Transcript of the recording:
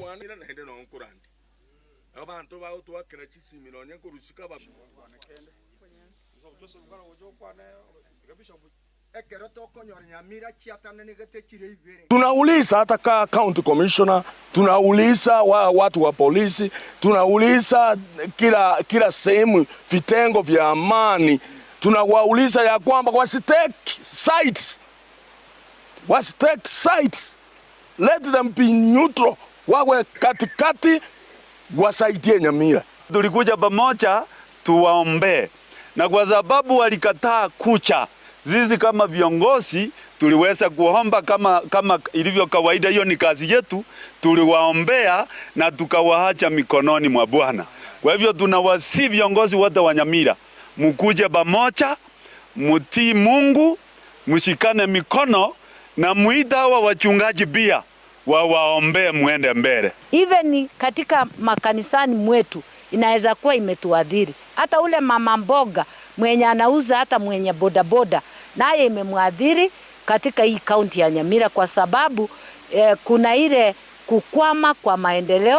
no nkurandi ba Tunauliza hata ka county commissioner, tunauliza wa watu wa polisi, tunauliza kila kila sehemu vitengo vya amani, tunawauliza ya kwamba sites sides, wasitake sites let them be neutral wawe katikati, wasaidie Nyamira. Tulikuja pamoja tuwaombee, na kwa sababu walikataa kucha, sisi kama viongozi tuliweza kuomba kama, kama ilivyo kawaida. Hiyo ni kazi yetu, tuliwaombea na tukawaacha mikononi mwa Bwana. Kwa hivyo tunawasi viongozi wote wa Nyamira, mukuje pamoja, mutii Mungu, mshikane mikono na muita hawa wachungaji pia wawaombee muende mbele. Even katika makanisani mwetu inaweza kuwa imetuadhiri. Hata ule mama mboga mwenye anauza hata mwenye bodaboda naye imemwadhiri katika hii kaunti ya Nyamira kwa sababu eh, kuna ile kukwama kwa maendeleo.